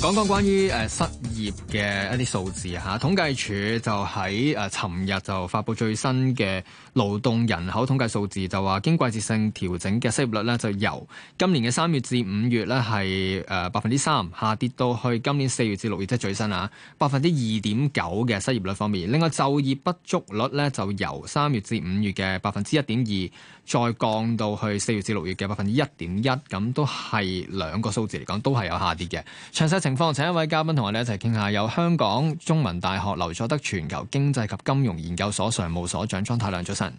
講講關於誒失業嘅一啲數字吓，統計處就喺誒尋日就發佈最新嘅勞動人口統計數字就，就話經季節性調整嘅失業率咧，就由今年嘅三月至五月咧係誒百分之三下跌到去今年四月至六月即係、就是、最新啊，百分之二點九嘅失業率方面，另外就業不足率咧就由三月至五月嘅百分之一點二，再降到去四月至六月嘅百分之一點一，咁都係兩個數字嚟講都係有下跌嘅詳細情況，請一位嘉賓同我哋一齊傾下。有香港中文大學劉佐德全球經濟及金融研究所常務所長莊太量，早晨。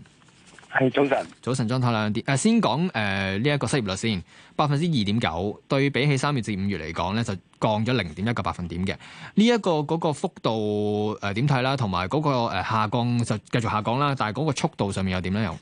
係早晨，早晨，莊太量啲誒，先講誒呢一個失業率先，百分之二點九，對比起三月至五月嚟講咧，就降咗零點一個百分點嘅。呢一個嗰個幅度誒，點睇啦？同埋嗰個誒下降就繼續下降啦。但係嗰個速度上面又點咧又？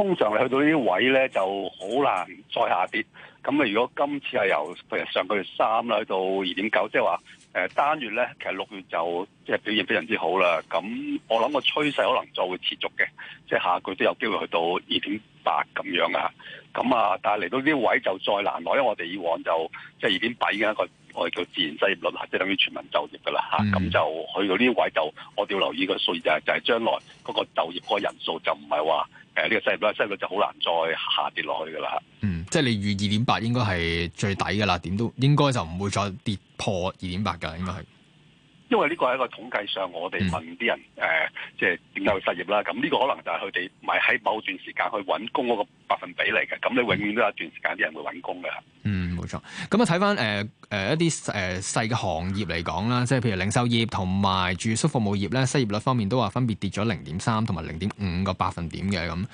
通常你去到呢啲位咧，就好難再下跌。咁啊，如果今次係由譬如上個月三啦去到二點九，即係話誒單月咧，其實六月就即係表現非常之好啦。咁我諗個趨勢可能就會持續嘅，即係下個月都有機會去到二點八咁樣啊。咁啊，但係嚟到呢啲位就再難攞，因為我哋以往就即係二點八嘅一個。我哋叫自然失業率，即係等於全民就業噶啦嚇，咁就去到呢位就我哋要留意個數字，就係將來嗰個就業嗰個人數就唔係話誒呢個失業率，失業率就好難再下跌落去噶啦。嗯，即係你預二點八應該係最底噶啦，點都應該就唔會再跌破二點八㗎，應該係。因為呢個係一個統計上，我哋問啲人誒，即係點解會失業啦？咁呢個可能就係佢哋唔係喺某段時間去揾工嗰個百分比嚟嘅。咁你永遠都有一段時間啲人會揾工㗎。嗯。冇錯，咁啊睇翻誒誒一啲誒細嘅行業嚟講啦，即係譬如零售業同埋住宿服務業咧，失業率方面都話分別跌咗零點三同埋零點五個百分點嘅咁。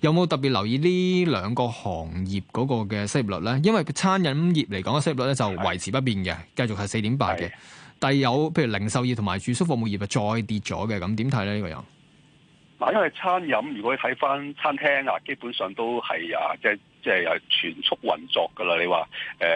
有冇特別留意呢兩個行業嗰個嘅失業率咧？因為餐飲業嚟講嘅失業率咧就維持不變嘅，繼續係四點八嘅。的但係有譬如零售業同埋住宿服務業啊，再跌咗嘅咁，點睇咧呢個又？嗱，因為餐飲，如果你睇翻餐廳啊，基本上都係啊，即係即係全速運作噶啦。你話誒、呃，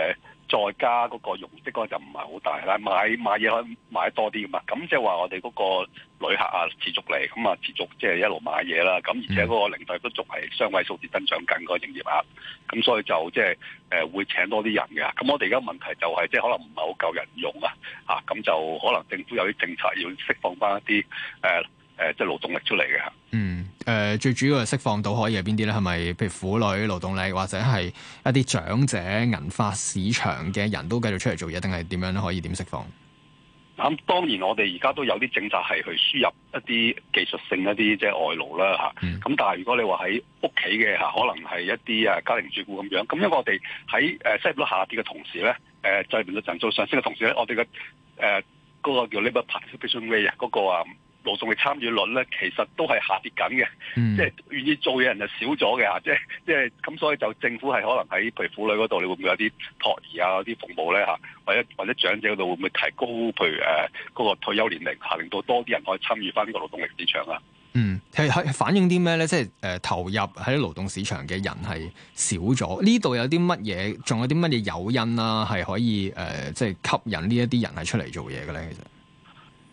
再加嗰個容積，嗰個就唔係好大啦。買買嘢可以買多啲嘛。咁即係話我哋嗰個旅客啊，持續嚟，咁啊持續即係一路買嘢啦。咁而且嗰個零售都仲係雙位數字增長緊個營業額。咁所以就即係誒會請多啲人嘅。咁我哋而家問題就係即係可能唔係好夠人用啊。嚇，咁就可能政府有啲政策要釋放翻一啲誒，即係勞動力出嚟嘅嚇。嗯，誒、呃、最主要係釋放到可以係邊啲咧？係咪譬如婦女勞動力，或者係一啲長者、銀發市場嘅人都繼續出嚟做嘢，定係點樣咧？可以點釋放？咁、嗯、當然，我哋而家都有啲政策係去輸入一啲技術性一啲即係外勞啦嚇。咁、嗯、但係如果你話喺屋企嘅嚇，可能係一啲啊家庭主婦咁樣。咁因為我哋喺誒收入下跌嘅同時咧，誒製造上升嘅同時咧，我哋嘅誒嗰個叫 labour participation rate 啊。勞動力參與率咧，其實都係下跌緊嘅、嗯，即係願意做嘢人就少咗嘅嚇，即係即係咁，所以就政府係可能喺譬如婦女嗰度，會唔會有啲托兒啊啲服務咧嚇，或者或者長者嗰度會唔會提高譬如誒嗰、呃嗰個退休年齡嚇，令到多啲人可以參與翻呢個勞動力市場啊？嗯，係係反映啲咩咧？即係誒投入喺勞動市場嘅人係少咗，呢度有啲乜嘢？仲有啲乜嘢誘因啦、啊？係可以誒，即、呃、係、係、吸引呢啲呢一啲人係出嚟做嘢嘅咧？其實。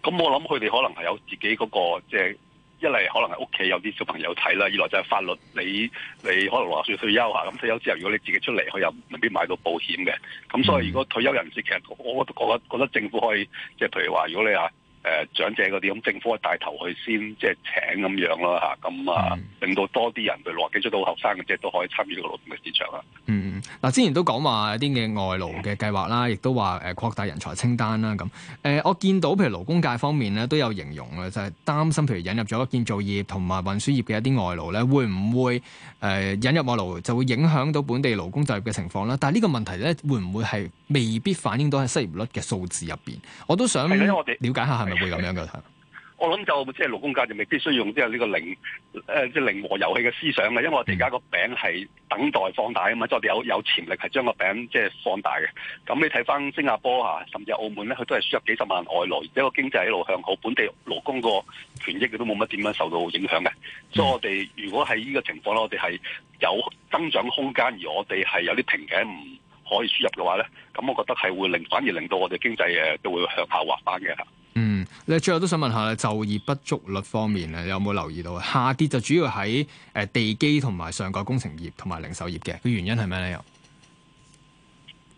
咁我諗佢哋可能係有自己嗰、那個即係、就是、一嚟可能係屋企有啲小朋友睇啦，二來就係法律你你可能話算退休吓，咁退休之後如果你自己出嚟，佢又未必買到保險嘅。咁所以如果退休人士，其實我覺得覺得政府可以即係、就是、譬如話，如果你啊。誒、呃、長者嗰啲咁，政府係帶頭去先，即係請咁樣咯吓，咁啊，嗯、令到多啲人落基，出到後生嘅即係都可以參與呢個勞動嘅市場啊。嗯嗯，嗱，之前都講話一啲嘅外勞嘅計劃啦，亦都話誒擴大人才清單啦咁。誒、呃，我見到譬如勞工界方面咧都有形容啊，就係、是、擔心譬如引入咗建造業同埋運輸業嘅一啲外勞咧，會唔會誒、呃、引入外勞就會影響到本地勞工就業嘅情況啦。但係呢個問題咧，會唔會係未必反映到喺失業率嘅數字入邊？我都想了解一下係咪。會咁樣嘅我諗就即係勞工界就未必需要用即係呢個零誒即係零和遊戲嘅思想嘅，因為我哋而家個餅係等待放大啊嘛，再有、嗯、有潛力係將個餅即係放大嘅。咁你睇翻新加坡吓，甚至澳門咧，佢都係輸入幾十萬外來，一個經濟一路向好，本地勞工個權益佢都冇乜點樣受到影響嘅。嗯、所以我哋如果係呢個情況咧，我哋係有增長空間，而我哋係有啲瓶頸唔可以輸入嘅話咧，咁我覺得係會令反而令到我哋經濟誒都會向下滑翻嘅吓。你最後都想問下就業不足率方面咧，你有冇留意到下跌就主要喺誒地基同埋上個工程業同埋零售業嘅，個原因係咩咧？又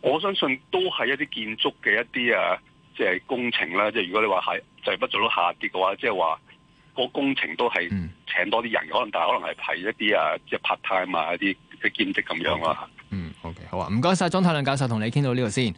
我相信都係一啲建築嘅一啲啊，即係工程啦。即係如果你話係就業不足率下跌嘅話，即係話個工程都係請多啲人的，嗯、可能但係可能係睇一啲啊，即係 part time 啊啲嘅兼職咁樣啦。Okay. 嗯，okay. 好嘅，好啊，唔該晒，莊太量教授同你傾到呢度先。